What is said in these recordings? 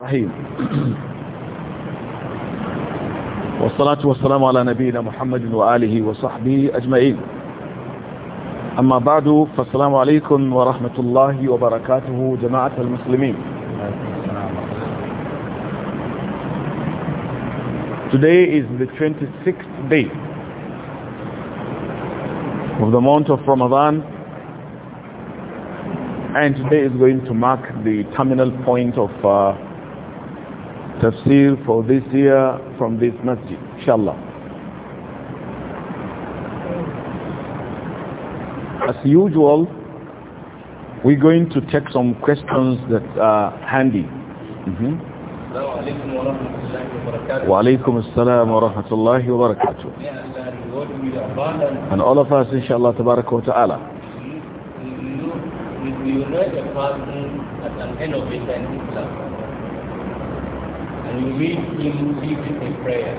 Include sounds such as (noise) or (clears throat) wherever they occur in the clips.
الرحيم والصلاة والسلام على نبينا محمد وآله وصحبه أجمعين أما بعد فالسلام عليكم ورحمة الله وبركاته جماعة المسلمين Today is the 26th day of the month of Ramadan and today is going to mark the terminal point of uh, tafsir for this year from this masjid, inshallah. As usual, we're going to take some questions that are handy. Mm -hmm. Wa alaikum assalam wa rahmatullahi And all of us, inshallah, tabarak wa ta'ala. You know a person as an innovator in Islam and we read him it in prayer.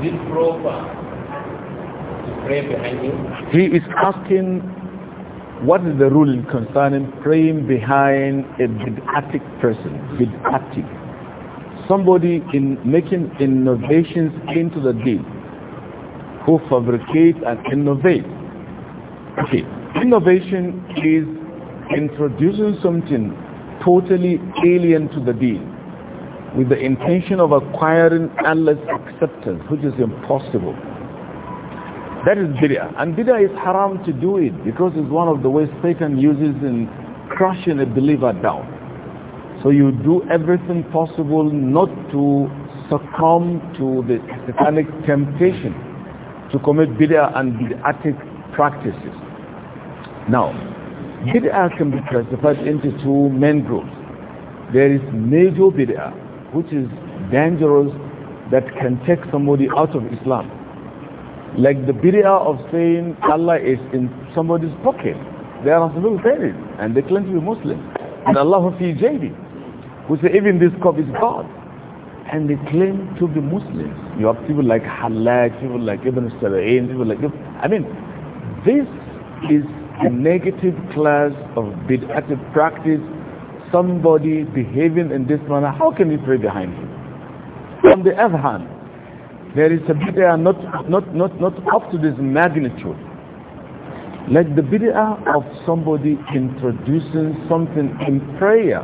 Is it proper to pray behind him? He is asking what is the rule concerning praying behind a bid'atic person, bid'atic? Somebody in making innovations into the deal, who fabricates and innovates. Okay, innovation is introducing something totally alien to the deen with the intention of acquiring Allah's acceptance, which is impossible. That is bid'ah. And bid'ah is haram to do it because it's one of the ways Satan uses in crushing a believer down. So you do everything possible not to succumb to the satanic temptation to commit bid'ah and bid'atic practices. Now, Bid'ah can be classified into two main groups. There is major bid'ah, which is dangerous that can take somebody out of Islam. Like the bid'ah of saying Allah is in somebody's pocket. They are some people saying and they claim to be Muslim. And Allah fi jaydi, who say even this cup is God. And they claim to be Muslims. You have people like Halak, people like Ibn Sara'in, people like... I mean, this is a negative class of bid'ative practice, somebody behaving in this manner, how can you pray behind him? On the other hand, there is a bid'ah not, not, not, not up to this magnitude. Like the bid'ah of somebody introducing something in prayer.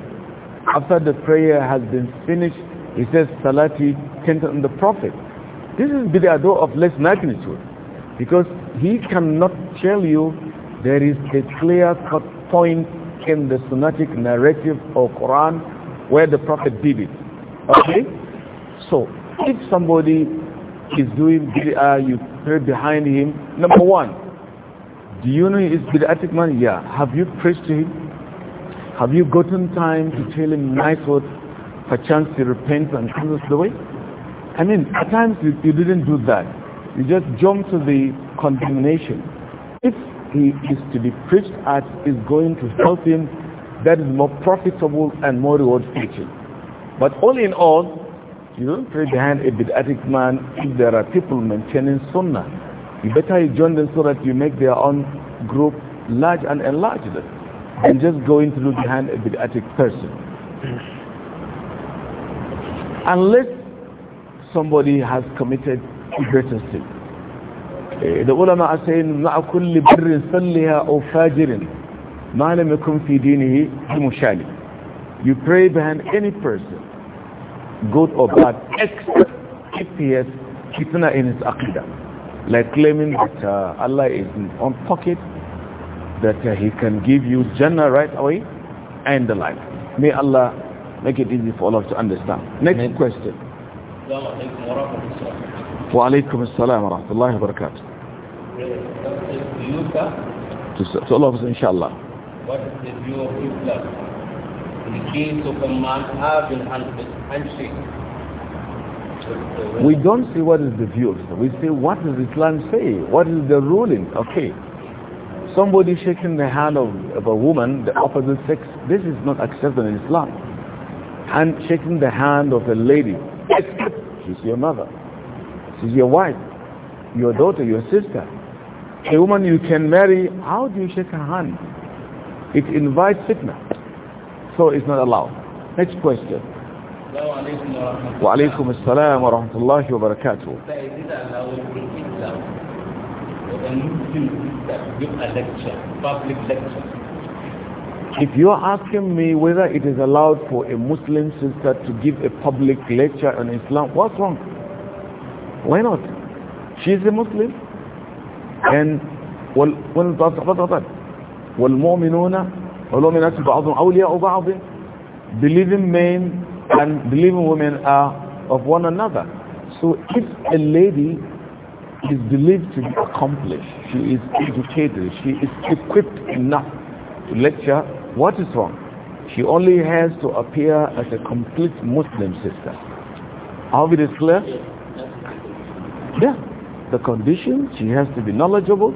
After the prayer has been finished, he says, Salati, tent on the Prophet. This is bid'ah though of less magnitude because he cannot tell you there is a clear-cut point in the Sunnatic narrative of Quran where the Prophet did it. Okay? So, if somebody is doing bid'ah, you pray behind him. Number one, do you know he is bid'atic man? Yeah. Have you preached to him? Have you gotten time to tell him nice words, chance he repents and comes the way? I mean, at times you, you didn't do that. You just jump to the condemnation. If he is to be preached at is going to help him that is more profitable and more reward preaching but all in all you don't pray behind a bid'atic man if there are people maintaining sunnah you better you join them so that you make their own group large and enlarge it and just going through behind a bid'atic person unless somebody has committed greater sin da ulama a sayin ma'a kulli birrin salliya o fajirin malamikun ya fi dinihi mushali you pray behind any person good or bad except has kitna in his akida like claiming that uh, Allah is on pocket that uh, he can give you Jannah right away and the life. may Allah make it easy for all of us to understand next Amen. question Wa alaikum assalam wa rahmatullahi wa barakatuh. To, to all We don't see what is the view of Islam. We see what does Islam say? What is the ruling? Okay. Somebody shaking the hand of, of a woman, the opposite sex, this is not acceptable in Islam. And shaking the hand of a lady, except she's your mother. She's your wife, your daughter, your sister. A woman you can marry, how do you shake her hand? It invites fitna. So it's not allowed. Next question. Wa alaykum assalam wa rahmatullahi wa barakatuh. If you are asking me whether it is allowed for a Muslim sister to give a public lecture on Islam, what's wrong? Why not? She is a Muslim. And ومن الصحابة والمؤمنون والمؤمنات بعضهم أولياء بعض believing men and believing women are of one another. So if a lady is believed to be accomplished, she is educated, she is equipped enough to lecture, what is wrong? She only has to appear as a complete Muslim sister. Are we clear? Yeah, the condition, she has to be knowledgeable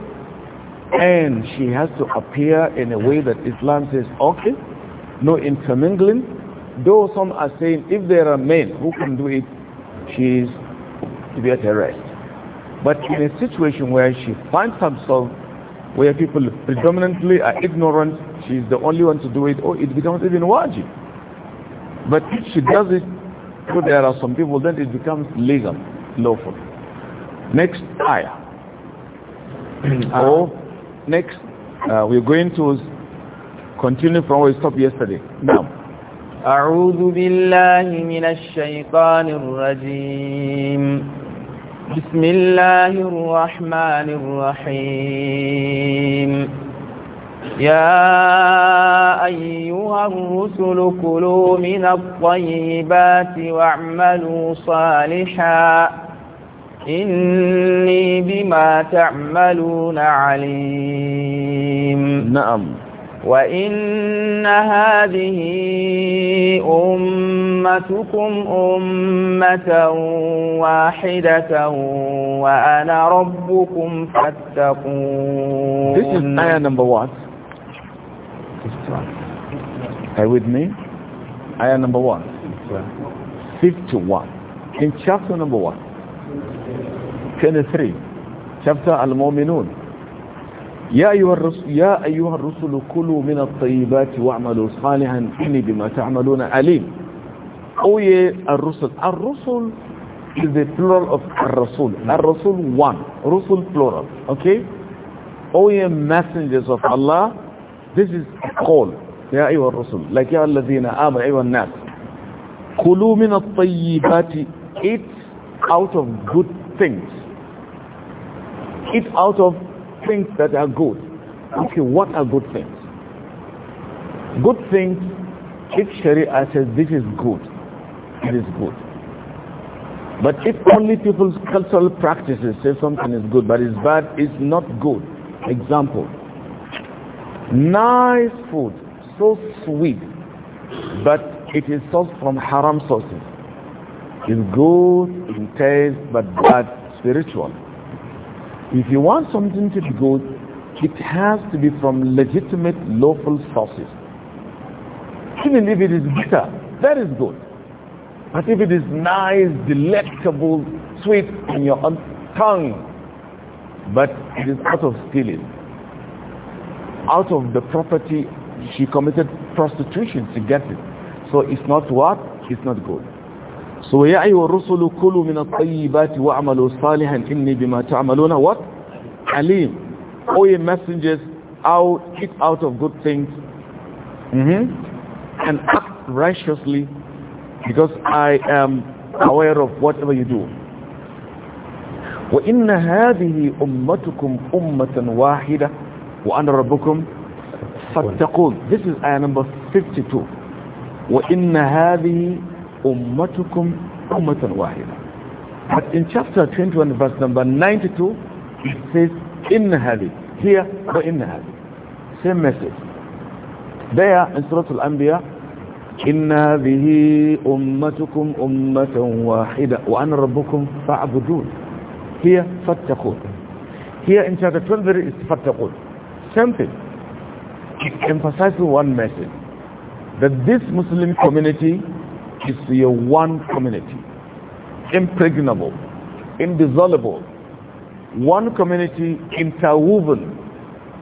and she has to appear in a way that Islam says, okay, no intermingling. Though some are saying if there are men who can do it, she is to be at her rest. But in a situation where she finds herself where people predominantly are ignorant, she is the only one to do it, or it becomes even wajib. But if she does it, so there are some people, then it becomes legal, lawful next ayah or next uh, we're going to continue from where we stopped yesterday now أعوذ بالله من الشيطان الرجيم بسم الله الرحمن الرحيم يا أيها الرسل كلوا من الطيبات واعملوا صالحاً إني بما تعملون عليم نعم وإن هذه أمتكم أمة واحدة وأنا ربكم فاتقون This is ayah number what? Are you with me? Ayah number one. 51. In chapter number one. 23 chapter al-mu'minun يا أيها الرسل يا أيها الرسل كلوا من الطيبات واعملوا صالحا إني بما تعملون أليم أو الرسل الرسل is the plural of الرسول الرسول one رسل plural okay أو messengers of Allah this is a call يا أيها الرسل like يا الذين آمنوا أيها الناس كلوا من الطيبات eat out of good things it out of things that are good. Okay, what are good things? Good things, if Sharia says this is good, it is good. But if only people's cultural practices say something is good but it's bad, it's not good. Example, nice food, so sweet, but it is sourced from haram sources. It's good in taste but bad spiritually. If you want something to be good, it has to be from legitimate lawful sources. Even if it is bitter, that is good. But if it is nice, delectable, sweet in your own tongue, but it is out of stealing, out of the property she committed prostitution to get it. So it's not what? It's not good. So ya ayyuhar rusulu kulu min at-tayyibati wa'malu salihan inni bima ta'maluna what? Alim. O ye messengers, out eat out of good things. Mm -hmm. And act righteously because I am aware of whatever you do. وإن هذه أمتكم أمة واحدة وأنا ربكم فاتقون This is ayah number 52 وإن هذه ummatukum ummatan wahida but in chapter 21 verse number 92 it says inna hadi here wa inna same message there in surah al-anbiya إن هذه أمتكم أمة واحدة وأنا ربكم فاعبدون هي فاتقون here in chapter 12 it's فاتقون same thing it emphasizes one message that this Muslim community It's your one community. Impregnable, indissoluble, one community interwoven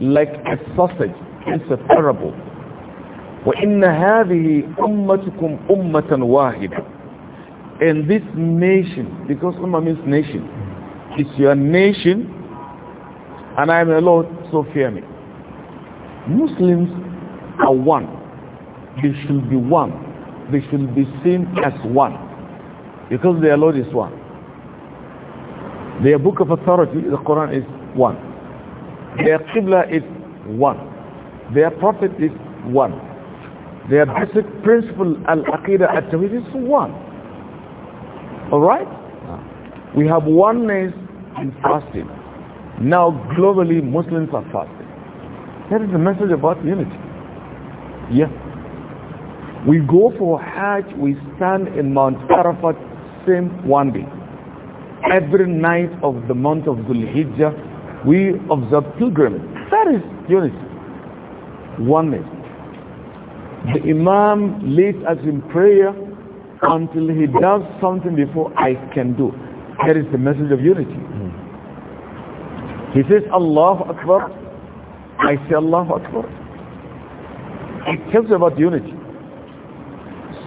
like a sausage, inseparable. وَإِنَّ هَذِهِ أُمَّتُكُمْ أُمَّةً وَاحِدًا And this nation, because Ummah means nation, it's your nation, and I am the Lord, so fear me. Muslims are one. They should be one they should be seen as one because their Lord is one their book of authority the Quran is one their Qibla is one their prophet is one their basic principle al-aqidah at-tawhid is one all right we have oneness in fasting now globally Muslims are fasting that is the message about unity yeah we go for Hajj, we stand in Mount Arafat, same one day. Every night of the month of Dhul Hijjah, we observe pilgrimage. That is unity, oneness. The Imam leads us in prayer until he does something before I can do. That is the message of unity. He says, Allahu Akbar. I say Allahu Akbar. It tells about unity.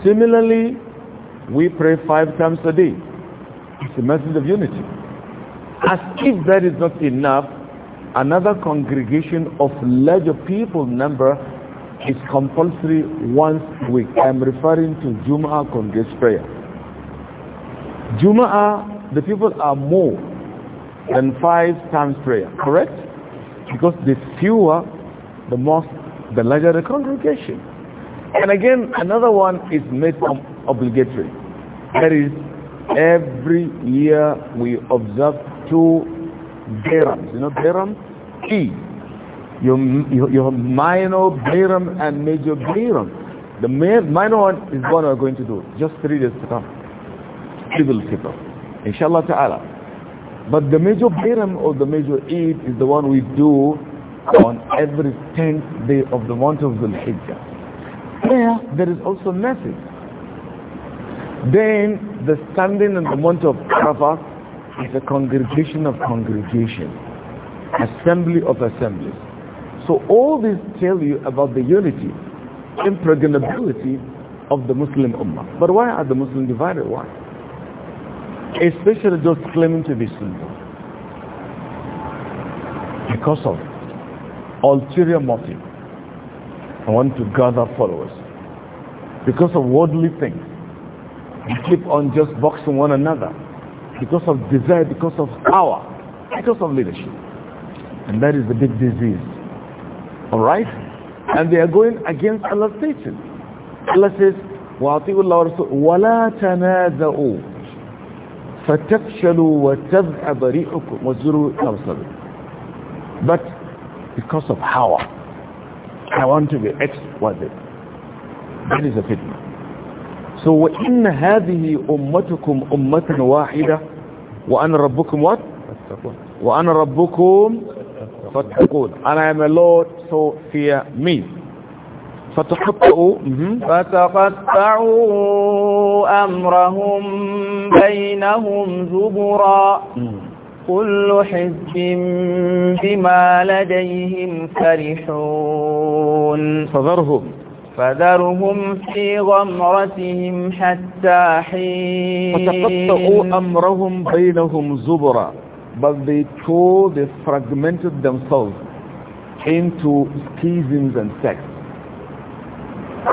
Similarly, we pray five times a day. It's a message of unity. As if that is not enough, another congregation of larger people number is compulsory once a week. I am referring to Jum'ah Congregational. prayer. Jumu'ah, the people are more than five times prayer, correct? Because the fewer, the more, the larger the congregation. And again, another one is made obligatory. That is, every year we observe two Bayrams. You know Bayram? E. Your, your, minor Bayram and major Bayram. The minor one is what we're going to do. Just three days to come. will keep up, Inshallah ta'ala. But the major Bayram or the major Eid is the one we do on every 10th day of the month of Zulhijjah prayer, there is also mercy. Then the standing and the mount of cover is a congregation of congregation, assembly of assemblies. So all this tell you about the unity, impregnability of the Muslim Ummah. But why are the Muslims divided? Why? Especially those claiming to be Sunni, Because of ulterior motive. I want to gather followers because of worldly things. We keep on just boxing one another because of desire, because of power, because of leadership. And that is the big disease. Alright? And they are going against Allah's teaching. Allah says, وَعَطِيُوا اللَّهُ رَسُولُ وَلَا تَنَازَعُوا فَتَفْشَلُوا وَتَذْعَبَ رِيحُكُمْ وَزُرُوا But because of power, I want to be exalted. that فتنة سو so وَإِنَّ هَذِهِ أُمَّتُكُمْ أُمَّةً وَاحِدَةً وَأَنَا رَبُّكُمْ what? وَأَنَا رَبُّكُمْ فَاتَّقُونَ And I am a Lord so fear me فتقطعوا فتقطعوا أمرهم بينهم زبرا كل حزب بما لديهم فرحون فذرهم فذرهم في غمرتهم حتى حين فتقطعوا أمرهم بينهم زبرا but they tore they fragmented themselves into schisms and sects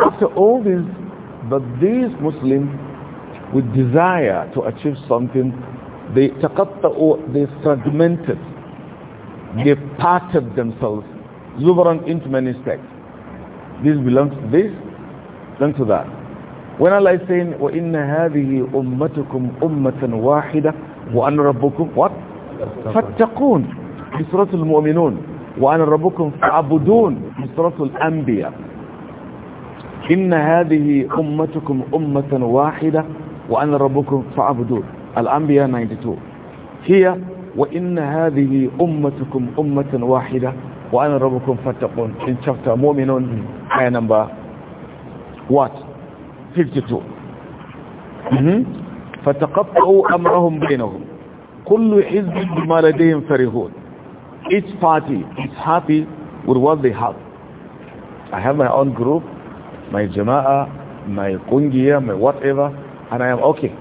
after all this but these Muslims with desire to achieve something they تقطعوا they fragmented they parted themselves زبرا into many sects this belongs to this belongs to that when Allah is saying وَإِنَّ هَذِهِ أُمَّتُكُمْ أُمَّةً وَاحِدَةً وَأَنَّ رَبُّكُمْ what? فَاتَّقُونَ في سورة المؤمنون وَأَنَّ رَبُّكُمْ فَعَبُدُونَ في سورة الأنبياء إن هذه أمتكم أمة واحدة هذه امتكم امه واحده وَأَنَّ ربكم فَعَبُدُونَ الأنبياء 92 هي وإن هذه أمتكم أمة واحدة wa ana rabbukum fattaqun in chapter mu'minun number what 52 mhm amrahum bainahum kullu hizbin bima ladayhim farihun each party is happy with what they have i have my own group my jama'a, my kungiya my whatever and i am okay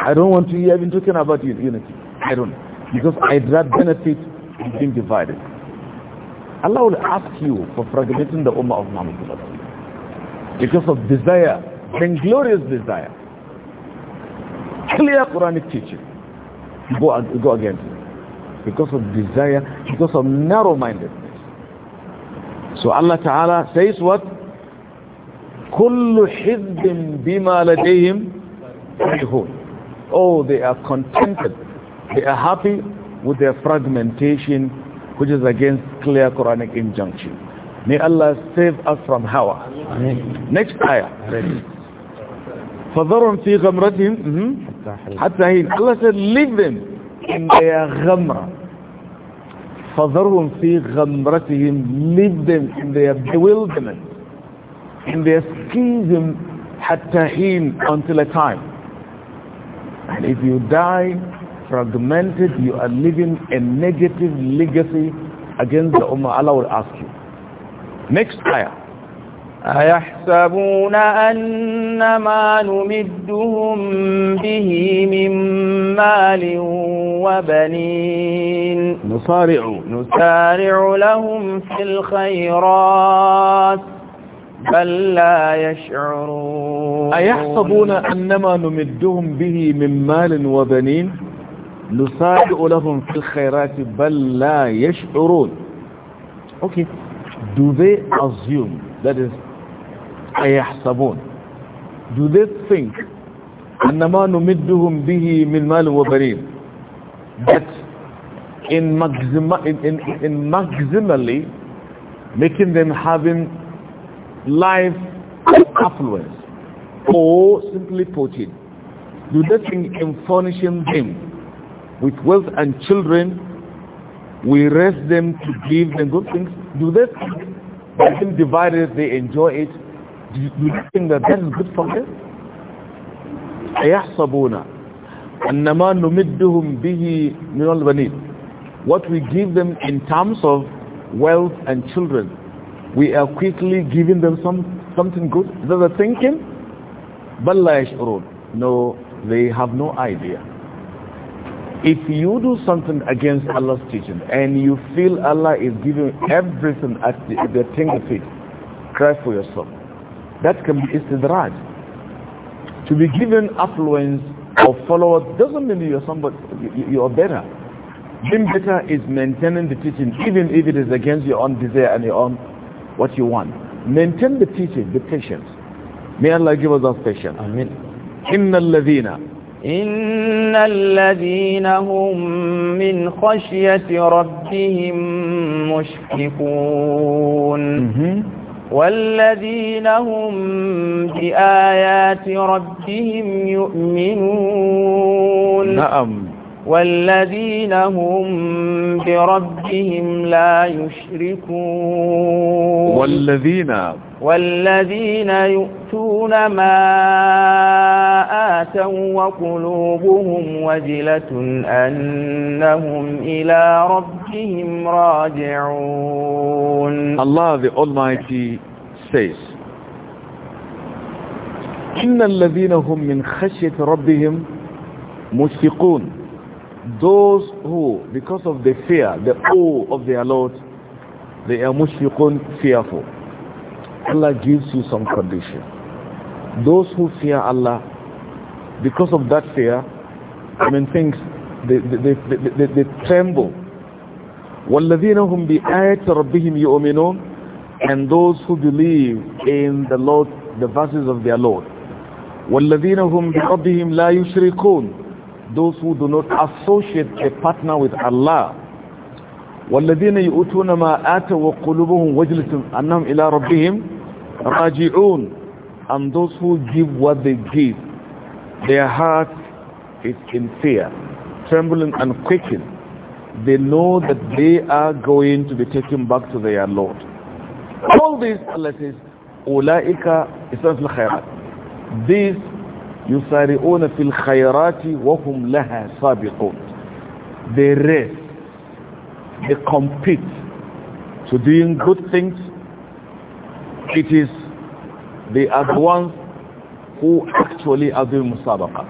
i don't want to hear even talking about unity i don't because i'd rather benefit being divided Allah will ask you for fragmenting the Ummah of Muhammad because of desire, vainglorious desire. Clear Quranic teaching. Go, go against it. Because of desire, because of narrow-mindedness. So Allah Ta'ala says what? كل حزب بما لديهم فرحون. Oh, they are contented. They are happy with their fragmentation which is against clear Quranic injunction. May Allah save us from hawa. Next ayah. فَذَرُمْ فِي غَمْرَتِهِمْ حَتَّى هِينَ Allah said, leave them in their ghamra. فَذَرْهُمْ فِي غَمْرَتِهِمْ Leave them in their bewilderment, in their schism, حَتَّى هِينَ Until a time. And if you die fragmented, you are leaving a negative legacy against the Ummah. Allah will ask you. Next ayah. أيحسبون أن ما نمدهم به من مال وبنين نصارع نسارع لهم في الخيرات بل لا يشعرون أيحسبون أن ما نمدهم به من مال وبنين nusadu lahum fil khairati bal la yash'urun okay do they assume that is ayahsabun do they think annama numidduhum bihi min mal wa barin that in maxima in, in, in maximally making them having life affluence or simply put it do they think in furnishing them with wealth and children, we raise them to give them good things. Do they think being divided they enjoy it? Do you think that that is good for them? أَيَحْصَبُونَ أَنَّمَا نُمِدُّهُمْ بِهِ مِنَ الْبَنِينَ What we give them in terms of wealth and children, we are quickly giving them some something good. Is that the thinking? بَلَّا يَشْعُرُونَ No, they have no idea. If you do something against Allah's teaching and you feel Allah is giving everything at the, thing of it, cry for yourself. That can be istidraj. To be given affluence or followers doesn't mean you're somebody, you're better. Being better is maintaining the teaching even if it is against your own desire and your own what you want. Maintain the teaching, the patience. May Allah give us that patience. Amen. إِنَّ الَّذِينَ إن الذين هم من خشية ربهم مشفقون والذين هم بآيات ربهم يؤمنون نعم والذين هم بربهم لا يشركون والذين والذين يؤتون ما آتوا وقلوبهم وجلة أنهم إلى ربهم راجعون الله the Almighty says إن الذين هم من خشية ربهم مشفقون those who, because of the fear, the awe of their Lord, they are mushrikun fearful. Allah gives you some condition. Those who fear Allah, because of that fear, I mean things, they, they, they, they, they tremble. And those who believe in the Lord, the verses of their Lord. وَالَّذِينَ هُمْ بِرَبِّهِمْ لَا يُشْرِكُونَ those who do not associate a partner with Allah والذين يؤتون ما آتوا وقلوبهم وجلة أنهم إلى ربهم راجعون and those who give what they give their heart is in fear trembling and quaking they know that they are going to be taken back to their Lord all these Allah says أولئك إسلام الخيرات these يسارعون في الخيرات وهم لها سابقون they race they compete to doing good things it is they are the ones who actually are doing musabaqa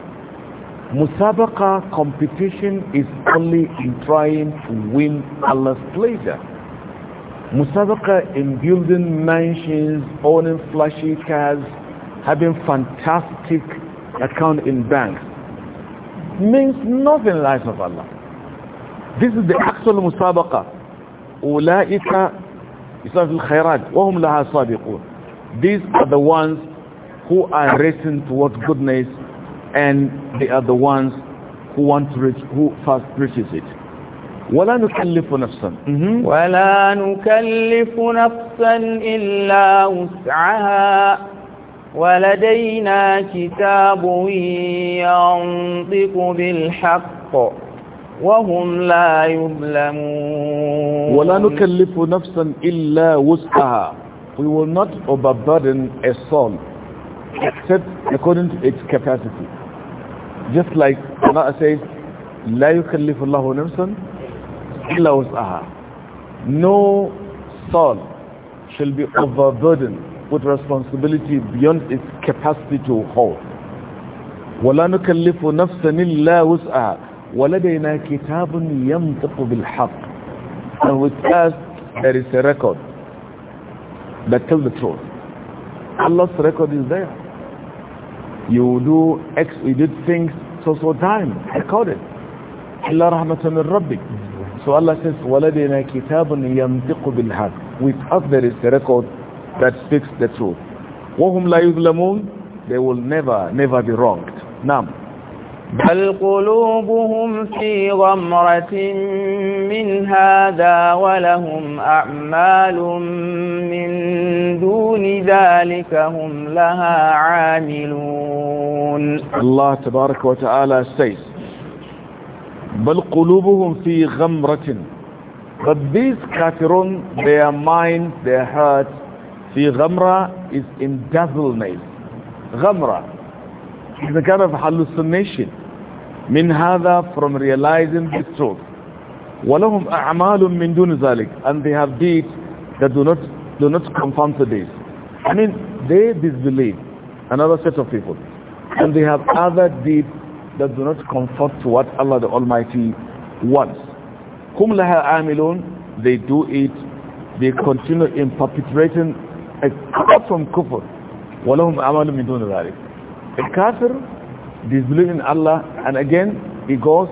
musabaqa competition is only in trying to win Allah's pleasure musabaqa in building mansions owning flashy cars having fantastic account in bank means nothing in life of Allah. This is the actual musabaqa. أولئك يسافر Wa hum لها سابقون these are the ones who are racing towards goodness and they are the ones who want to reach who first reaches it ولا نكلف نفسا mm-hmm. ولا نكلف نفسا إلا وسعها ولدينا كتاب ينطق بالحق وهم لا يظلمون ولا نكلف نفسا إلا وسعها we will not overburden a soul except according to its capacity just like Allah says لا يكلف الله نفسا إلا وسعها no soul shall be overburdened with responsibility beyond its capacity to hold ولا نكلف نفسا الا وسعها ولدينا كتاب ينطق بالحق and with us there is a record that tells the truth Allah's record is there you do x you did things so so time recorded إلا رحمة من ربك so Allah says ولدينا كتاب ينطق بالحق with us there is a record that speaks the truth وهم لا يظلمون they will never never be wronged نعم بل قلوبهم في غمرة من هذا ولهم أعمال من دون ذلك هم لها عاملون الله تبارك وتعالى says بل قلوبهم في غمرة but these كافرون their minds their hearts The غمرة is embezzlement. غمرة is a kind of hallucination. من هذا from realizing the truth. وَلَهُمْ أَعْمَالٌ مِّن دُونِ ذَلِكَ And they have deeds that do not, do not conform to this. I mean, they disbelieve another set of people. And they have other deeds that do not conform to what Allah the Almighty wants. Kum لَهَا amilun, they do it, they continue in perpetrating apart from kufr walahum amalu min dun dhalik a kafir disbelieve in Allah and again he goes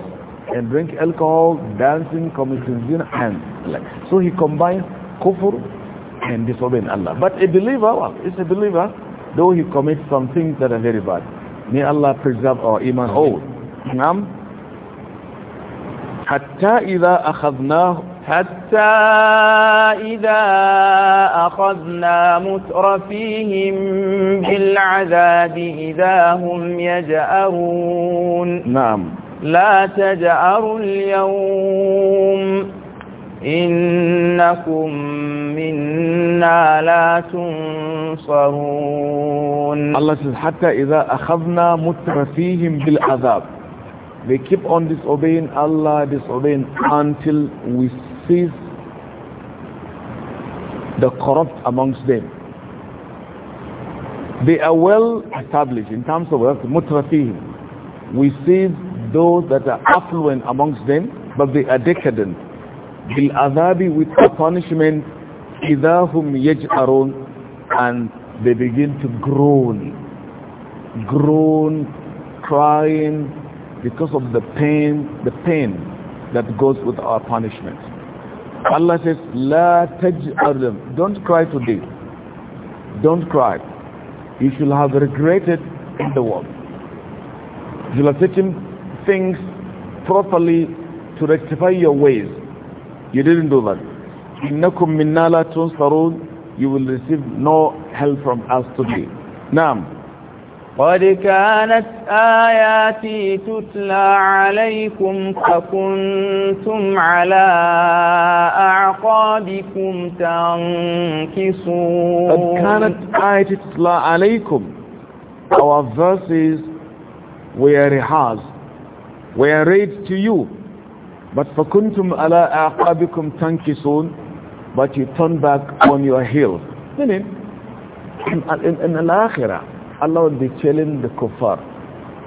and drink alcohol dancing committing sin and like so he combines kufr and disobeying Allah but a believer well, is a believer though he commits some things that are very bad may Allah preserve our iman whole حتى إذا أخذناه حتى إذا أخذنا مترفيهم بالعذاب إذا هم يجأرون نعم لا تجأروا اليوم إنكم منا لا تنصرون الله says حتى إذا أخذنا مترفيهم بالعذاب They keep on disobeying Allah, disobeying until we sees the corrupt amongst them. They are well established in terms of wealth, mutrafihim. We see those that are affluent amongst them, but they are decadent. Bil adabi with the punishment, idahum yaj'arun, and they begin to groan, groan, crying because of the pain, the pain that goes with our punishment. Allah says, La taj'alam. Don't cry today. Don't cry. You shall have regretted in the world. You shall have taken things properly to rectify your ways. You didn't do that. إِنَّكُمْ مِنَّا لَا You will receive no help from us today. Nam. قد كانت آياتي تتلى عليكم فكنتم على أعقابكم تنكصون قد كانت آياتي تتلى عليكم Our verses were rehearsed, were read to you. But فكنتم على أعقابكم تنكصون But you turn back on your heels. Meaning, in, in, in, in الآخرة Allah will be telling the kuffar,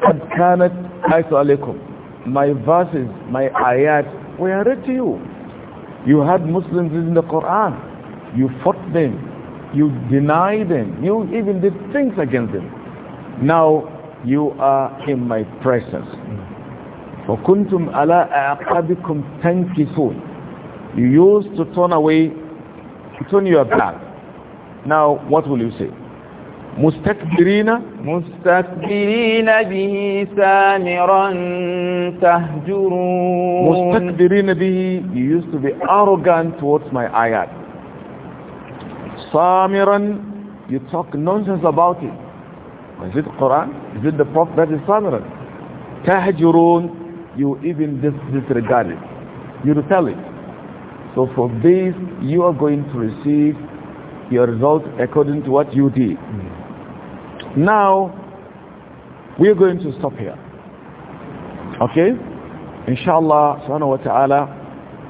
قَدْ كَانَتْ آيَةُ عَلَيْكُمْ My verses, my ayat were read to you. You had Muslims in the Quran. You fought them. You denied them. You even did things against them. Now you are in my presence. وَكُنْتُمْ عَلَىٰ أَعْقَابِكُمْ تَنْكِسُونَ You used to turn away, turn your back. Now what will you say? مستكبرين مستكبرين به سامرا تهجرون مستكبرين به you used to be arrogant towards my ayat سامرا you talk nonsense about it is it the Quran is it the prophet that is سامرا تهجرون you even disregard it you repel it so for this you are going to receive your result according to what you did now, we are going to stop here. Okay? Inshallah, subhanahu wa ta'ala,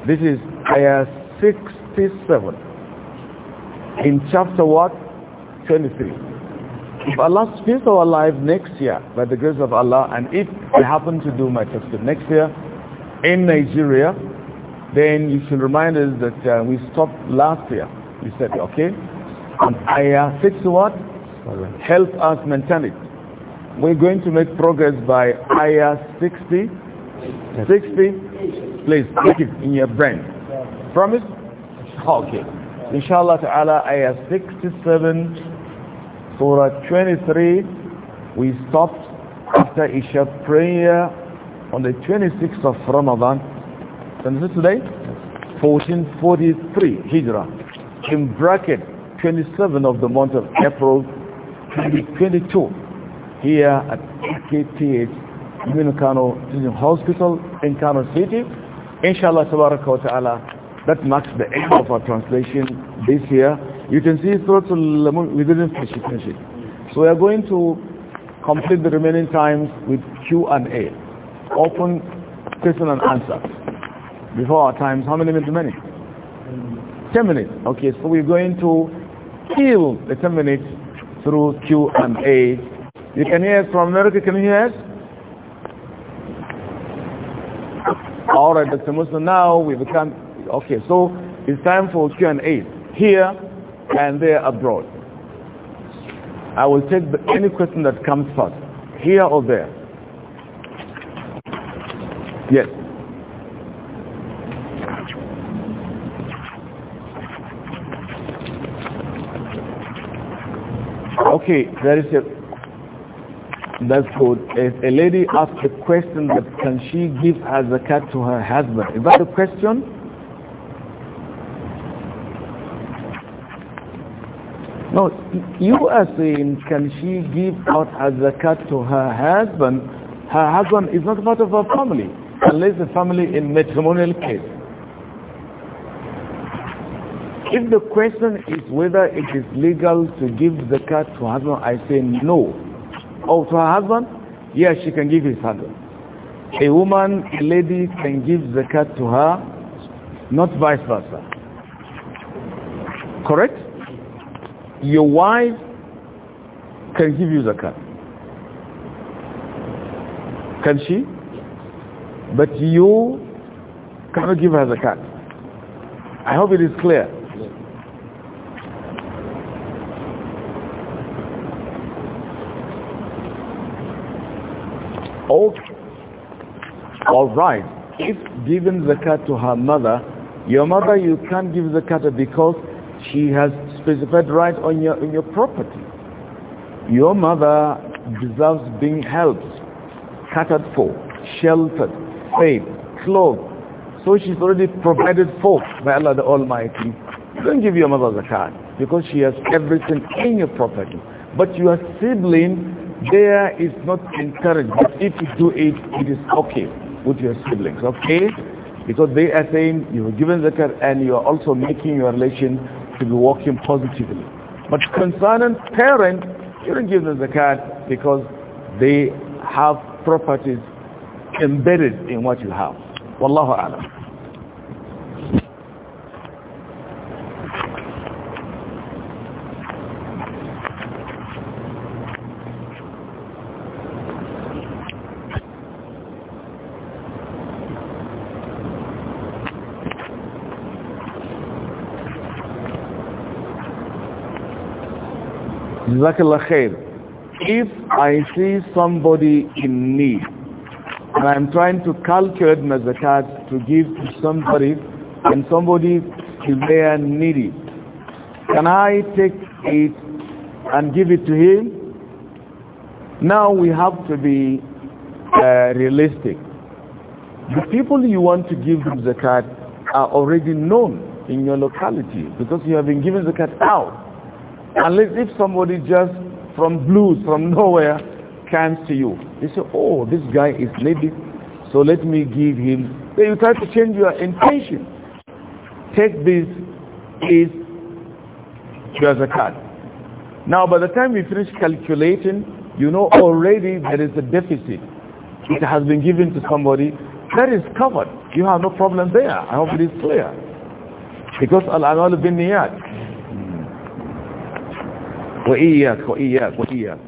this is ayah 67 in chapter what? 23. If Allah spares our life next year, by the grace of Allah, and if I happen to do my test next year in Nigeria, then you should remind us that uh, we stopped last year. We said, okay, and ayah 6 what? Help us maintain it. We're going to make progress by ayah 60. 60. Please, keep it in your brain. Promise? Okay. Inshallah ta'ala, ayah 67, surah 23. We stopped after Isha prayer on the 26th of Ramadan. And this is today? 1443 Hijrah. In bracket, 27 of the month of April 2022 here at KTH Ibn Teaching Hospital in Kano City. Inshallah, ta'ala, that marks the end of our translation this year. You can see Suratul we didn't finish it. So we are going to complete the remaining times with Q&A. Open question and answer. Before our times, how many minutes Many. 10 minutes. Okay, so we're going to kill the 10 minutes through Q and A. You can hear us from America, can you hear us? All right, Dr. Musa, now we become, okay, so it's time for Q and A here and there abroad. I will take any question that comes first, here or there. Yes. Okay, there is a that's good. If a lady asked a question that can she give her zakat to her husband? Is that a question? No, you are saying can she give out her zakat to her husband? Her husband is not part of her family unless the family in matrimonial case. If the question is whether it is legal to give the cat to her husband, I say no. Or oh, to her husband, yes, yeah, she can give his husband. A woman, a lady can give the cat to her, not vice versa. Correct? Your wife can give you the cat. Can she? But you cannot give her the cat. I hope it is clear. Okay. All right. If given zakat to her mother, your mother, you can't give zakat because she has specified right on your, on your property. Your mother deserves being helped, catered for, sheltered, fed, clothed. So she's already provided for by Allah the Almighty. Don't give your mother zakat because she has everything in your property. But your sibling there is not encouraged but if you do it it is okay with your siblings okay because they are saying you have given zakat and you are also making your relation to be working positively but concerning parents you don't give them zakat because they have properties embedded in what you have wallahu alam Jazakallah khair. If I see somebody in need, and I'm trying to calculate my zakat to give to somebody, and somebody is there needy, can I take it and give it to him? Now we have to be uh, realistic. The people you want to give them zakat are already known in your locality because you have been given zakat out. Unless if somebody just from blues, from nowhere, comes to you. They say, oh, this guy is needy," so let me give him. Then you try to change your intention. Take this is a card. Now, by the time you finish calculating, you know already there is a deficit. It has been given to somebody. That is covered. You have no problem there. I hope it is clear. Because al-amal bin niyat. وإياك وإياك وإياك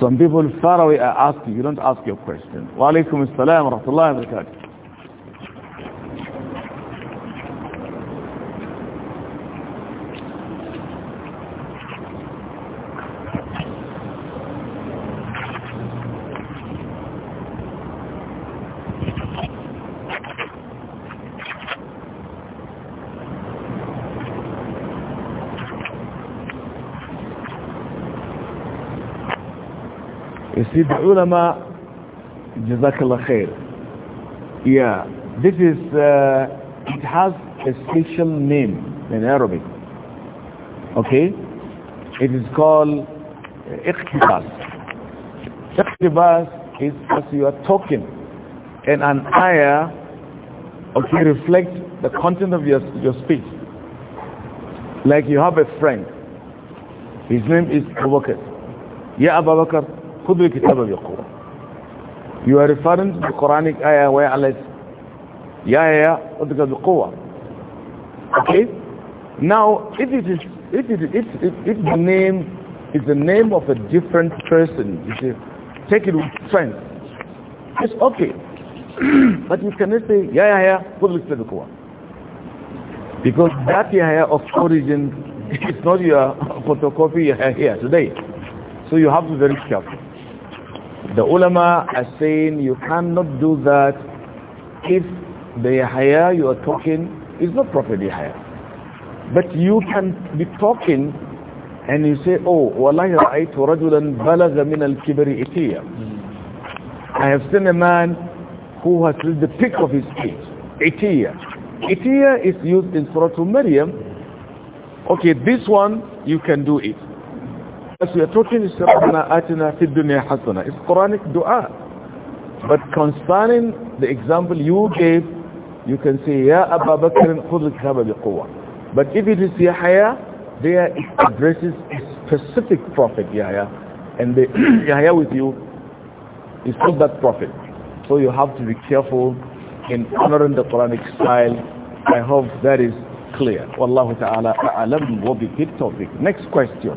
Some people far away are asking, you don't ask your question. Wa alaikum assalam wa rahmatullahi wa barakatuh. see the ulama jazakallah khair yeah this is uh, it has a special name in Arabic okay it is called إقتباس. إقتباس is as you are talking and an ayah okay reflect the content of your your speech like you have a friend his name is Abu Bakr ya Abu Bakr خذ الكتاب بقوة you are referring to the Quranic ayah where Allah says ya ya udka biquwa okay now if it is if the name is the name of a different person you take it with friends. it's okay (clears throat) but you cannot say ya ya ya udka biquwa because that Ya Ya of origin (laughs) is not your (laughs) photocopy Yahya here today. So you have to be very careful. The ulama are saying you cannot do that if the Yahya you are talking is not Prophet Yahya. But you can be talking and you say, oh, وَاللَّهِ رَأَيْتُ رَجُلًا بَلَغَ مِنَ الْكِبَرِ إِتِيَا I have seen a man who has reached the peak of his age, Itiya. Itiya is used in Surah Maryam. Okay, this one, you can do it. As we are talking, it's Quranic dua. But concerning the example you gave, you can say, Ya Abu Bakr, khudh al-kitaba biquwa. But if it is Yahya, there it addresses a specific prophet, Yahya. And the (clears throat) Yahya with you is not that prophet. So you have to be careful in honoring the Quranic style. I hope that is clear. Wallahu ta'ala a'alam wa bihi tawfiq. Next question.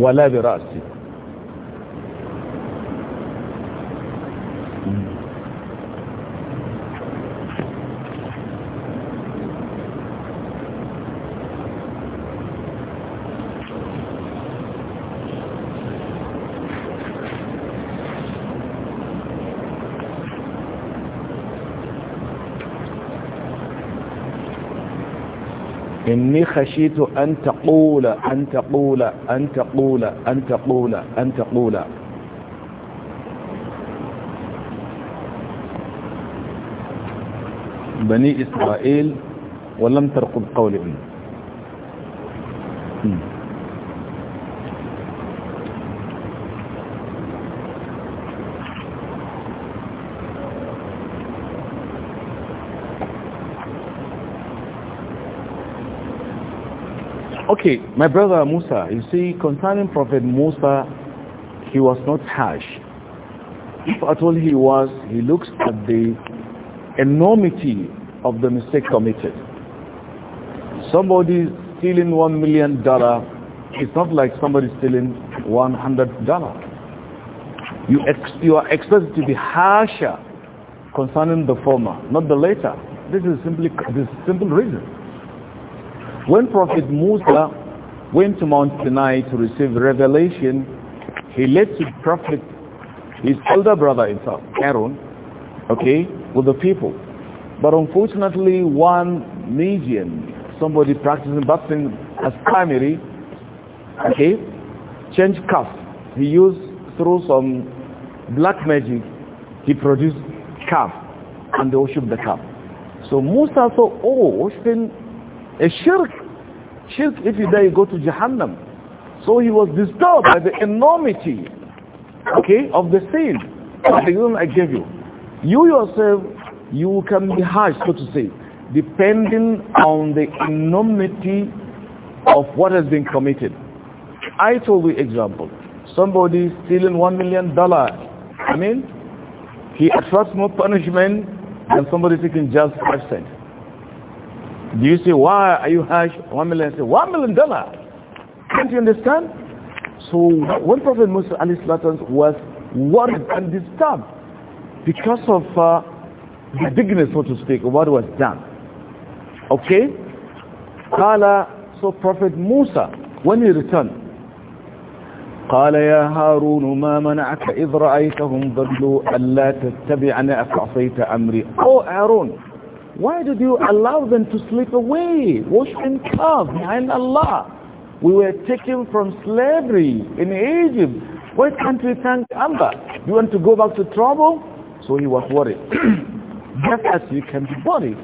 ولا برأسه إني خشيت أن تقول أن تقول أن تقول أن تقول أن تقول بني إسرائيل ولم ترقب قولهم Okay, my brother Musa, you see, concerning Prophet Musa, he was not harsh. If at all he was, he looks at the enormity of the mistake committed. Somebody stealing one million dollar is not like somebody stealing one hundred dollar. You, ex you are expected to be harsher concerning the former, not the latter. This is simply this is simple reason. When Prophet Musa went to Mount Sinai to receive revelation, he led to Prophet, his elder brother in fact, Aaron, okay, with the people. But unfortunately, one Median, somebody practicing baptism as primary, okay, changed calf. He used, through some black magic, he produced calf, and they worshipped the calf. So Musa thought, oh, it's been a shirk shirk, if you die, you go to Jahannam. So he was disturbed by the enormity, okay, of the sin the reason I gave you. You yourself, you can be harsh, so to say, depending on the enormity of what has been committed. I told you example. Somebody stealing one million dollar. I mean, he attracts more punishment than somebody taking just five cents. Do you say, why are you harsh? One million, say, one million dollar. Can't you understand? So when Prophet Musa and his was worried and disturbed because of uh, the bigness, so to speak, of what was done. Okay? Kala, so Prophet Musa, when he returned, قال يا هارون ما منعك إذ رأيتهم ضلوا ألا تتبعني أفعصيت أمري Oh هارون why did you allow them to slip away, wash and come behind Allah? We were taken from slavery in Egypt. Why can't we thank Allah? You want to go back to trouble? So he was worried. (clears throat) Just as you can be worried.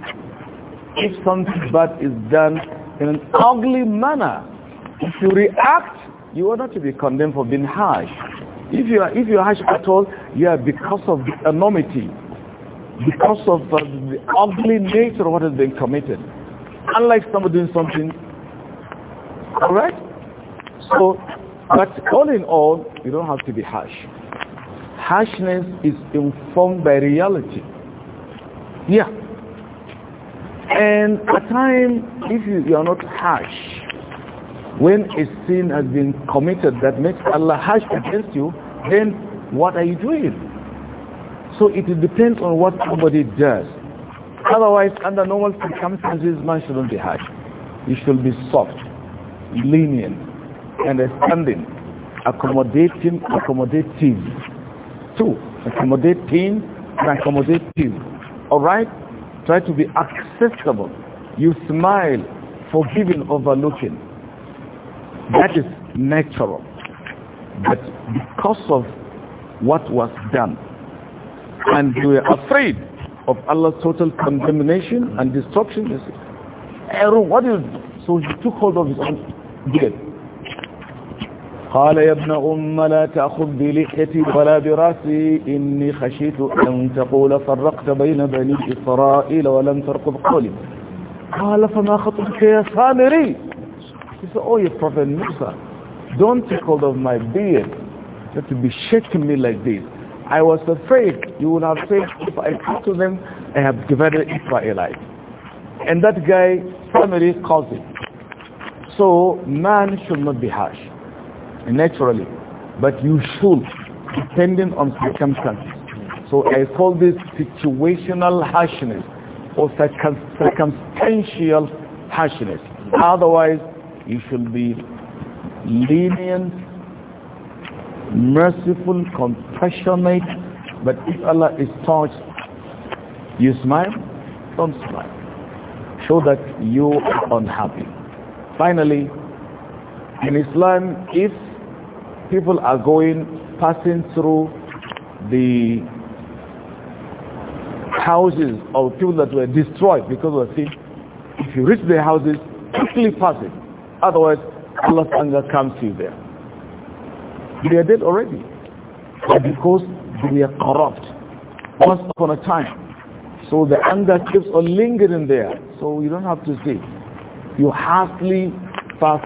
If something bad is done in an ugly manner, if you react, you are not to be condemned for being harsh. If you are, if you are harsh at all, you are because of the enormity because of uh, the ugly nature of what has been committed. Unlike somebody doing something, all right? So, but all in all, you don't have to be harsh. Harshness is informed by reality. Yeah. And at times, if you, you are not harsh, when a sin has been committed that makes Allah harsh against you, then what are you doing? So it depends on what somebody does. Otherwise, under normal circumstances, man shouldn't be harsh. He should be soft, lenient, understanding, accommodating, accommodating. Two, accommodating and accommodating. All right? Try to be accessible. You smile, forgiving, overlooking. That is natural. But because of what was done, and you were afraid of Allah's total condemnation and destruction. You see, Aaron, what do you do? So he took hold of his own beard. قال يا ابن أم لا تأخذ بلحيتي ولا براسي إني خشيت أن تقول فرقت بين بني إسرائيل ولم ترقب قولي قال فما خطبك يا سامري He said, oh, you're prophet Musa, don't take hold of my beard. You have to be shaking me like this. I was afraid you would have said, if I come to them, I have divided Israelite. And that guy family caused it. So man should not be harsh, naturally. But you should, depending on circumstances. So I call this situational harshness or circumstantial harshness. Otherwise, you should be lenient merciful, compassionate. But if Allah is touched, you smile, don't smile. Show that you are unhappy. Finally, in Islam, if people are going, passing through the houses of people that were destroyed because of sin, if you reach their houses, quickly pass it. Otherwise, Allah's anger comes to you there. They are dead already. Because they are corrupt. Once upon a time. So the anger keeps on lingering there. So you don't have to see. You hastily pass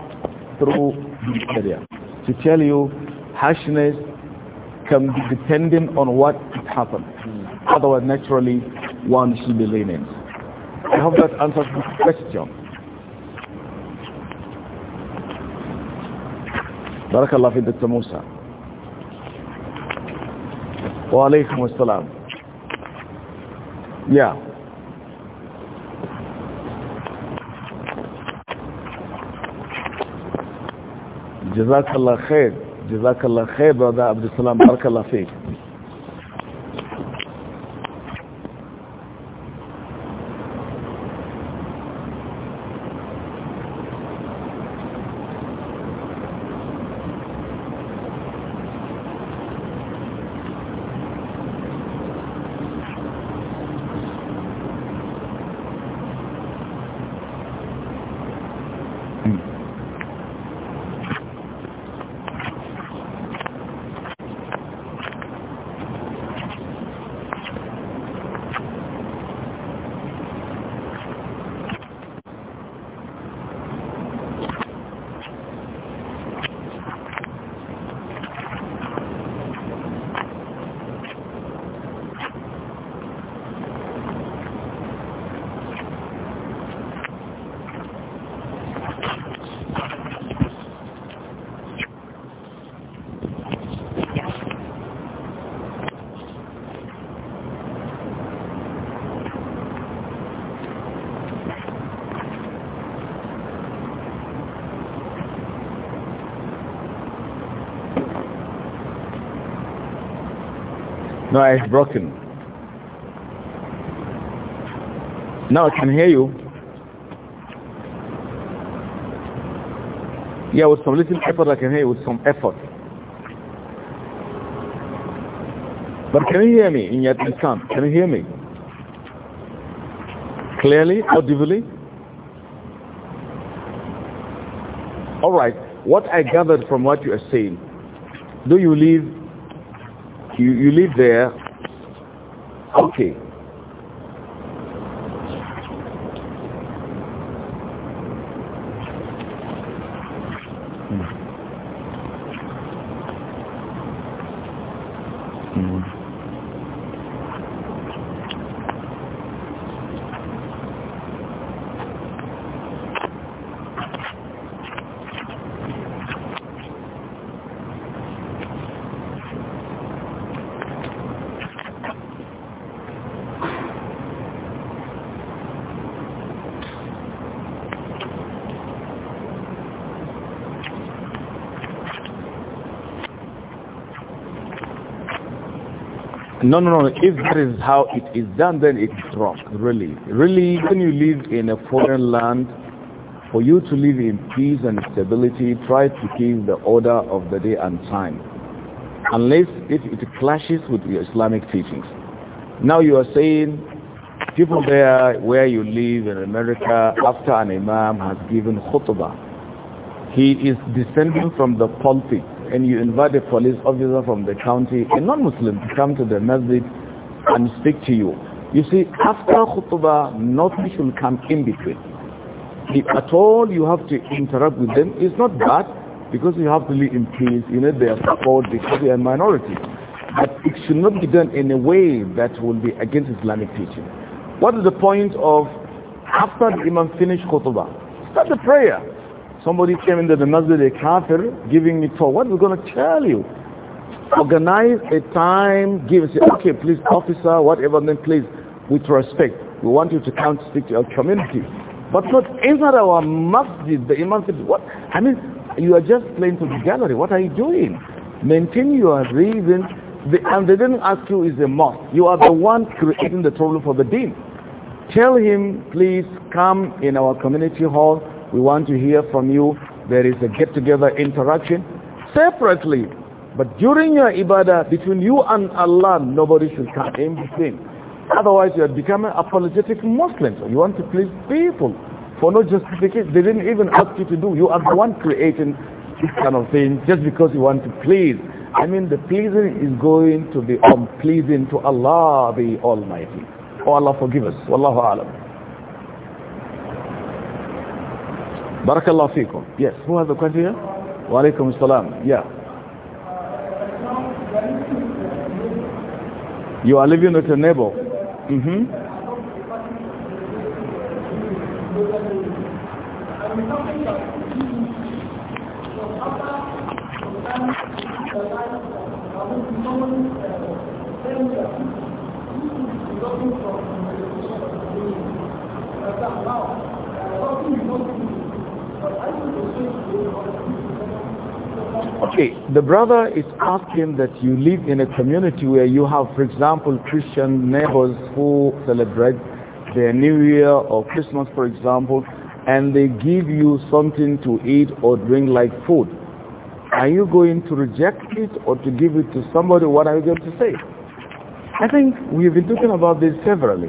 through the area. To tell you, harshness can be depending on what happened. Otherwise, naturally, one should be lenient. I hope that answers the question. بارك الله فيك دكتور موسى وعليكم السلام يا جزاك الله خير جزاك الله خير brother عبد السلام بارك الله فيك why it's broken. Now I can hear you. Yeah, with some little effort I can hear you, with some effort. But can you hear me in your Islam? Can you hear me? Clearly, audibly? Alright, what I gathered from what you are saying, do you live you, you live there, okay, No, no, no. If that is how it is done, then it's wrong, really. Really, when you live in a foreign land, for you to live in peace and stability, try to keep the order of the day and time. Unless if it clashes with your Islamic teachings. Now you are saying people there where you live in America, after an imam has given khutbah, he is descending from the pulpit and you invite a police officer from the county, a non-Muslim, to come to the masjid and speak to you. You see, after khutbah, nothing should come in between. If at all you have to interact with them, it's not bad because you have to live in peace, you need their support because they are a minority. But it should not be done in a way that will be against Islamic teaching. What is the point of after the Imam finished khutbah? Start the prayer. Somebody came into the masjid, a kafir, giving me talk. What are we going to tell you? Organize a time, give and say, okay, please, officer, whatever, then please, with respect, we want you to come to speak to our community. But not inside our masjid, the imam said, what? I mean, you are just playing to the gallery. What are you doing? Maintain your reason. The, and they didn't ask you is a mosque. You are the one creating the trouble for the dean. Tell him, please come in our community hall we want to hear from you. There is a get-together interaction separately. But during your ibadah, between you and Allah, nobody should come in between. Otherwise, you are becoming apologetic Muslims. You want to please people for no justification. They didn't even ask you to do. You are the one creating this kind of thing just because you want to please. I mean, the pleasing is going to be unpleasing to Allah the Almighty. Oh, Allah forgive us. Wallahu alam. Barakallahu feekum. Yes, who has a question here? Wa alaikum salam. Yeah. You are living with a neighbor. Mm-hmm. Okay, the brother is asking that you live in a community where you have, for example, Christian neighbors who celebrate their New Year or Christmas, for example, and they give you something to eat or drink like food. Are you going to reject it or to give it to somebody? What are you going to say? I think we've been talking about this severally.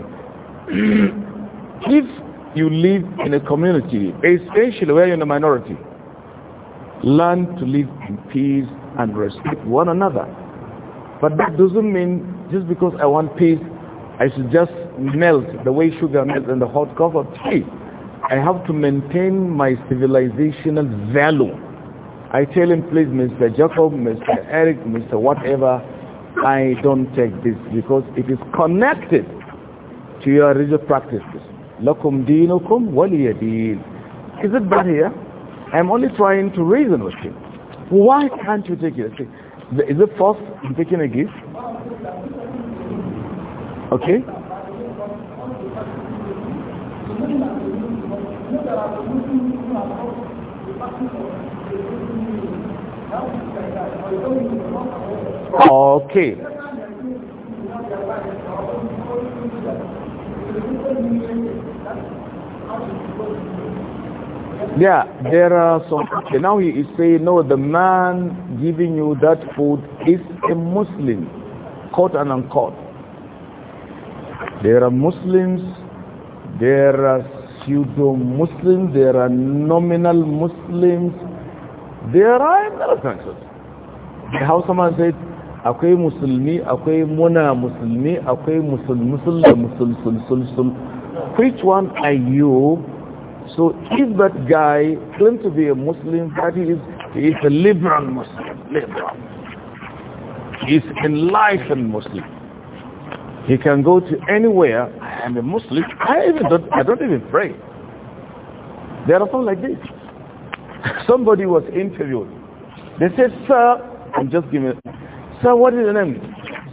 (clears throat) if you live in a community, especially where you're in a minority, learn to live in peace and respect one another. But that doesn't mean just because I want peace, I should just melt the way sugar melts in the hot cup of tea. I have to maintain my civilizational value. I tell him, please, Mr. Jacob, Mr. Eric, Mr. whatever, I don't take this because it is connected to your religious practices. لَكُمْ dinukum, وَلِيَ Is it bad here? I'm only trying to reason with him. Why can't you take it? Is it false in taking a gift? Okay? Okay. Yeah, there are some. Okay, now he is saying, no, the man giving you that food is a Muslim, caught and uncaught. There are Muslims, there are pseudo-Muslims, there are nominal Muslims, there are Americans. The How someone said, akwai musulmi, akwai muna musulmi, akwai musul, musul, musul, musul, musul. Which one are you? So if that guy claims to be a Muslim, that is, he is a liberal Muslim, liberal. He is enlightened Muslim. He can go to anywhere. I am a Muslim. I even don't, I don't even pray. There are some like this. (laughs) Somebody was interviewed. They said, sir, I'm just giving Sir, what is your name?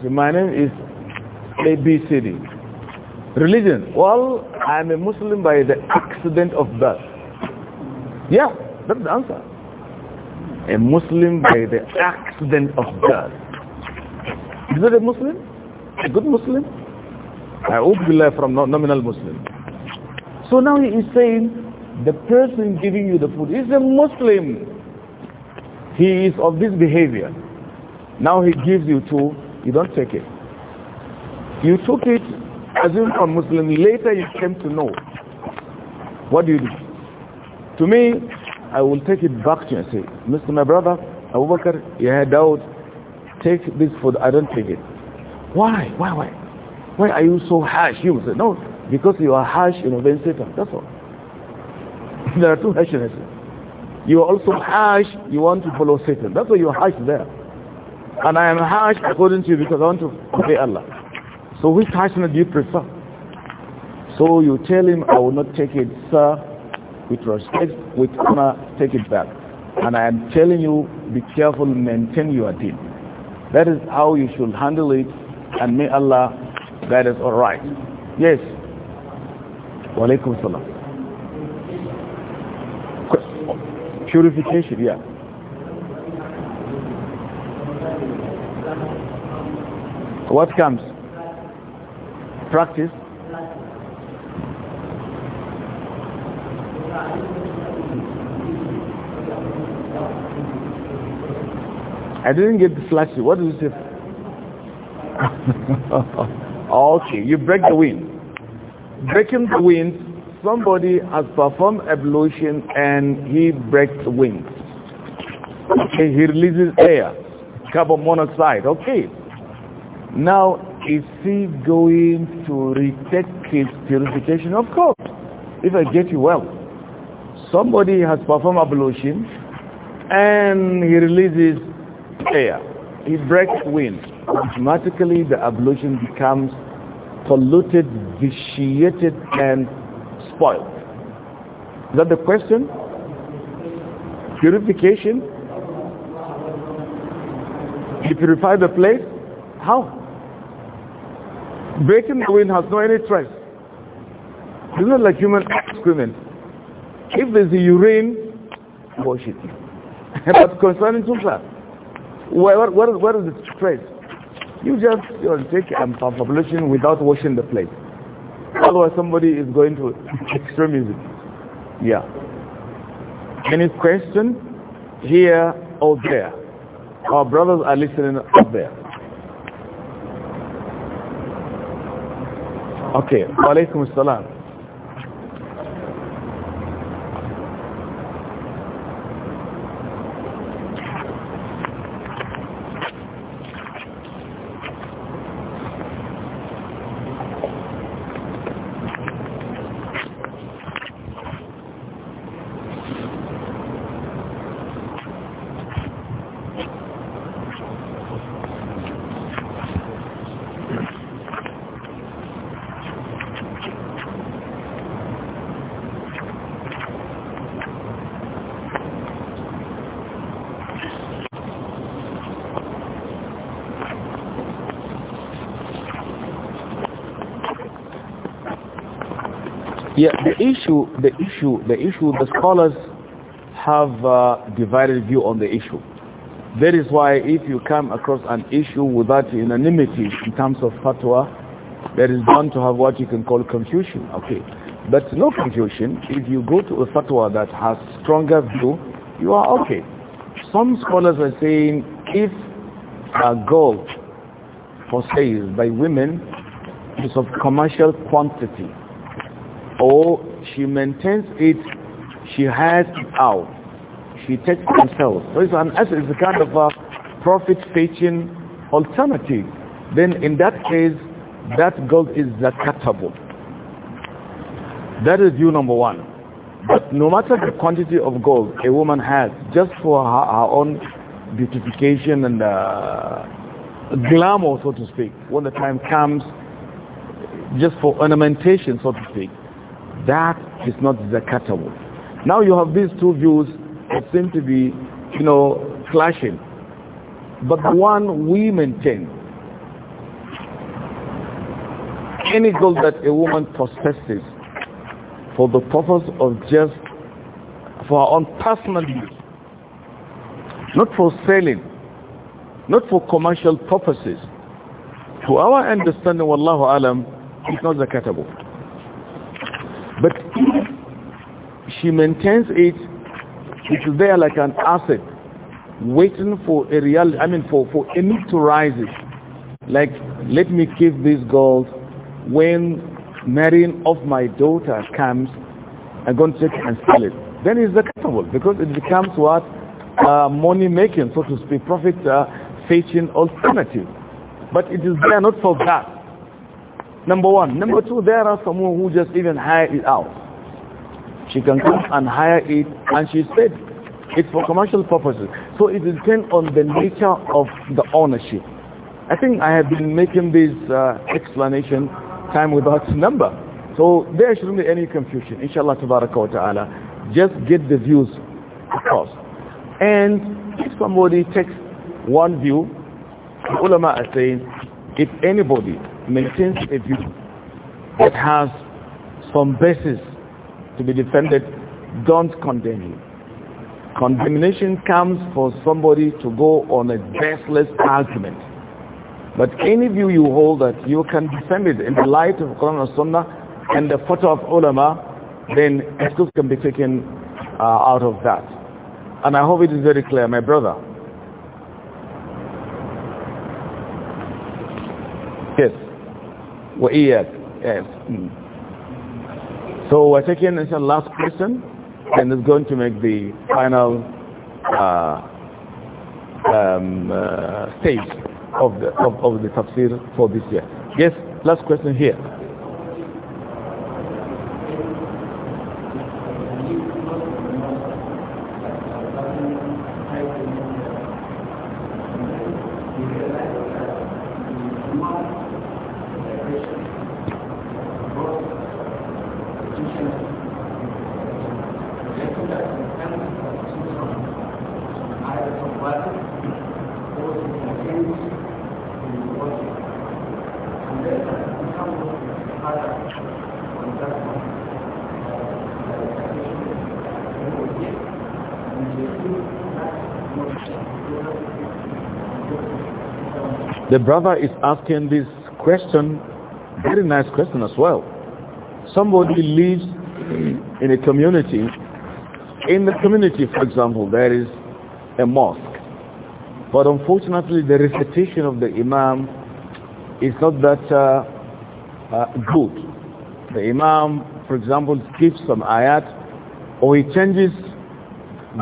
So my name is ABCD. Religion? Well, I am a Muslim by the accident of birth. Yeah, that's the answer. A Muslim by the accident of birth. Is it a Muslim? A good Muslim? I hope Billah from nominal Muslim. So now he is saying the person giving you the food is a Muslim. He is of this behavior. Now he gives you two, you don't take it. You took it, assumed on Muslim, later you came to know. What do you do? To me, I will take it back to you and say, Mr. My brother, Abu Bakr, you had doubt. Take this food. I don't take it. Why? Why? Why? Why are you so harsh? You will say, no, because you are harsh in obeying Satan. That's all. (laughs) there are two harshnesses. You are also harsh, you want to follow Satan. That's why you are harsh there. And I am harsh according to you because I want to obey Allah. So which Hashanah do you prefer? So you tell him, I will not take it, sir, with respect, with honor, take it back. And I am telling you, be careful, maintain your deed. That is how you should handle it, and may Allah guide us all right. Yes. Wa alaikum salam. Purification, yeah. What comes? practice? I didn't get the flashy. What did you say? (laughs) okay, you break the wind. Breaking the wind, somebody has performed evolution, and he breaks the wind. Okay, he releases air, carbon monoxide. Okay. Now, is he going to retake his purification? Of course, if I get you well. Somebody has performed ablution and he releases air. He breaks wind. Automatically the ablution becomes polluted, vitiated and spoiled. Is that the question? Purification? You purified the place? How? breaking the wind has no any trace. It's not like human excrement. If there's a urine, wash it. (laughs) but concerning Sufa, where, where is the trace? You just you know, take a population without washing the plate. Otherwise somebody is going to (laughs) extremism. Yeah. Any question here or there? Our brothers are listening up there. okay wa alaikum salam Yeah, the issue, the issue, the issue, the scholars have a uh, divided view on the issue. That is why if you come across an issue without unanimity in terms of fatwa, there is bound to have what you can call confusion. Okay. But no confusion. If you go to a fatwa that has stronger view, you are okay. Some scholars are saying if a gold for sale by women is of commercial quantity, or she maintains it she has it out she takes it herself so it's an asset it's a kind of a profit taking alternative then in that case that gold is zakatable that is view number one but no matter the quantity of gold a woman has just for her, her own beautification and uh, glamour so to speak when the time comes just for ornamentation so to speak that is not zakatable. Now you have these two views that seem to be, you know, clashing. But the one we maintain, any gold that a woman possesses for the purpose of just, for her own personal use, not for selling, not for commercial purposes, to our understanding, Wallahu Alam, it's not zakatable. But she maintains it, it is there like an asset, waiting for a real, I mean for, for a need to rise it. Like, let me keep this gold when marrying of my daughter comes, I'm going to take and sell it. Then it's acceptable because it becomes what? Uh, money making, so to speak, profit uh, fetching alternative. But it is there not for that. Number one. Number two, there are someone who just even hire it out. She can come and hire it and she said It's for commercial purposes. So it depends on the nature of the ownership. I think I have been making this uh, explanation time without number. So there shouldn't be any confusion. Inshallah, tabaraka wa ta'ala. Just get the views across. And if somebody takes one view, the ulama are saying, if anybody maintains a view that has some basis to be defended, don't condemn him. Condemnation comes for somebody to go on a baseless argument. But any view you hold that you can defend it in the light of Quran and Sunnah and the photo of ulama, then excuse can be taken uh, out of that. And I hope it is very clear, my brother. Yes wa iyak hmm. so we're taking this last question and it's going to make the final uh, um, uh, stage of the of, of the tafsir for this year yes last question here The brother is asking this question, very nice question as well. Somebody lives in a community. In the community, for example, there is a mosque. But unfortunately, the recitation of the imam is not that uh, uh, good. The imam, for example, skips some ayat or he changes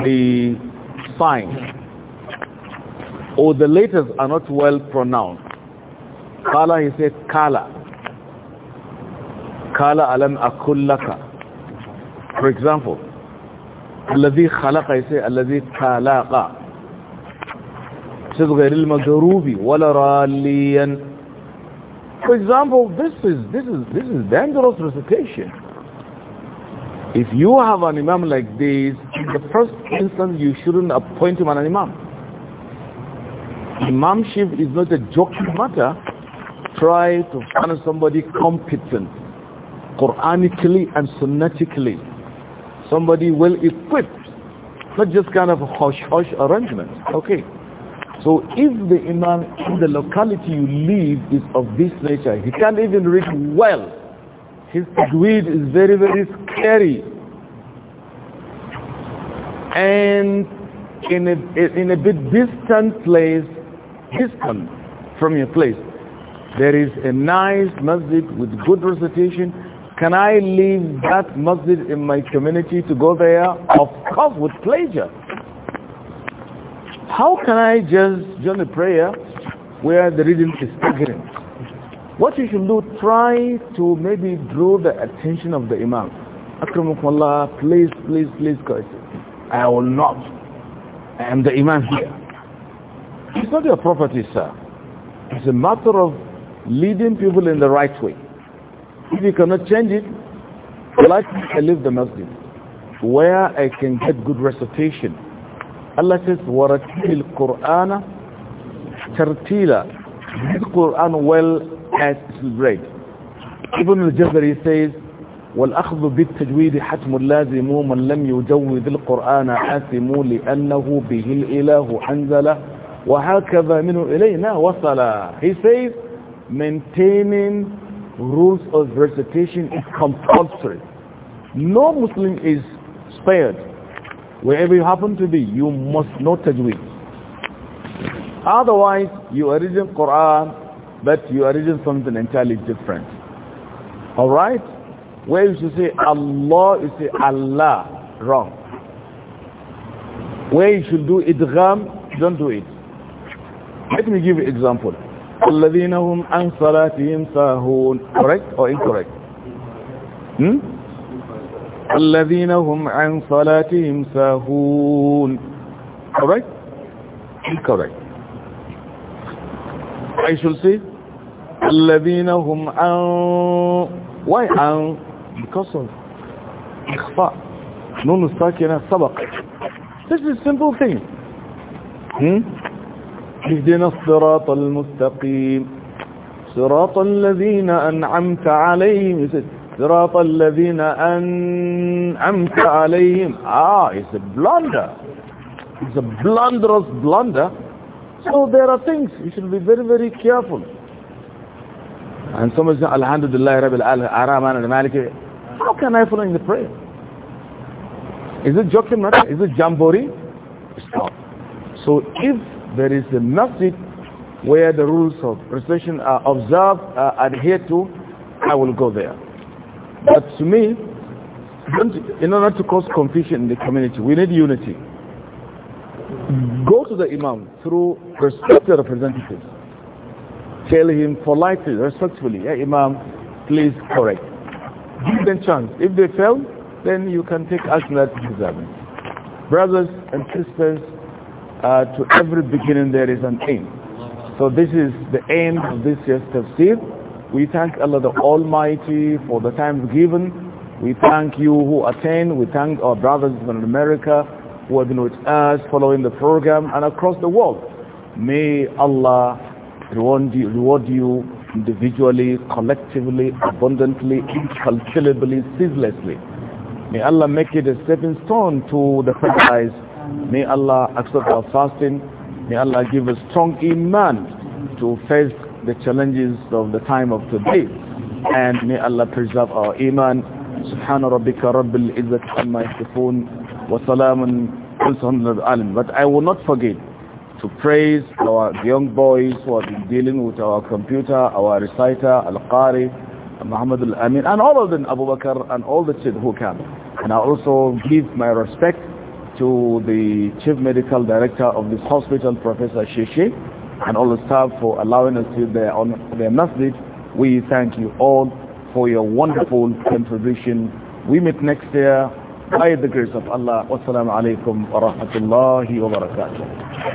the Fine, or oh, the letters are not well pronounced. Kala, he said, Kala. Kala alam akullaka. For example, الذي خلق يسي الذي خلق غير المغروبي ولا راليا for example this is this is this is dangerous recitation if you have an imam like this in the first instance, you shouldn't appoint him an imam. Imamship is not a joking matter. Try to find somebody competent, Quranically and Sunnatically. Somebody well equipped, not just kind of a hush-hush arrangement. Okay. So if the imam in the locality you live is of this nature, he can't even read well. His tajweed is very, very scary and in a, in a bit distant place, distant from your place, there is a nice masjid with good recitation. Can I leave that masjid in my community to go there? Of course, with pleasure. How can I just join a prayer where the reading is staggering? What you should do, try to maybe draw the attention of the imam. Akramu Allah, please, please, please, I will not. I am the Imam here. It's not your property, sir. It's a matter of leading people in the right way. If you cannot change it, like I leave the masjid, where I can get good recitation. Allah says, وَرَتِّلِ الْقُرْآنَ تَرْتِيلًا Qur'an well as it is read. Ibn al-Jabari says, والأخذ بالتجويد حتم لازم من لم يجود القرآن حاسم لأنه به الإله أنزل وهكذا منه إلينا وصل he says maintaining rules of recitation is compulsory no Muslim is spared wherever you happen to be you must know tajweed otherwise you are reading Quran but you are reading something entirely different alright When you should say Allah, you say Allah. Wrong. Where you should do idgham, don't do it. Let me give you an example. الَّذِينَ هُمْ عَنْ صَلَاتِهِمْ سَاهُونَ Correct or incorrect? Hmm? الَّذِينَ هُمْ عَنْ صَلَاتِهِمْ سَاهُونَ Correct? Incorrect. I should say الَّذِينَ هُمْ عَنْ Why عَنْ because of إخفاء nun sakina sabaq this is simple thing hmm اهدنا الصراط المستقيم صراط الذين أنعمت عليهم صراط الذين أنعمت عليهم ah it's a blunder it's a blunderous blunder so there are things you should be very very careful and somebody says alhamdulillah rabbil alamin al-malik how can I follow in the prayer? Is it joking matter? Is it Jamboree? It's not. So if there is a masjid where the rules of recession are observed, are adhered to, I will go there. But to me, in order to cause confusion in the community, we need unity. Go to the imam through respected representatives. Tell him politely, respectfully, yeah, imam, please correct give them chance. If they fail, then you can take action that you Brothers and sisters, uh, to every beginning there is an end. So this is the end of this year's tafsir. We thank Allah the Almighty for the time given. We thank you who attend. We thank our brothers in America who have been with us following the program and across the world. May Allah reward you individually, collectively, abundantly, incalculably, ceaselessly. May Allah make it a stepping stone to the paradise. May Allah accept our fasting. May Allah give us strong iman to face the challenges of the time of today. And may Allah preserve our iman. سبحان ربك رب العزة عما يصفون وسلام على المرسلين But I will not forget to praise our young boys who have been dealing with our computer, our reciter, Al-Qari, Muhammad Al-Amin, and all of them, Abu Bakr, and all the children who come. And I also give my respect to the Chief Medical Director of this hospital, Professor Shishi, and all the staff for allowing us to be on their message. We thank you all for your wonderful contribution. We meet next year by the grace of Allah. Wassalamu alaikum wa rahmatullahi wa barakatuh.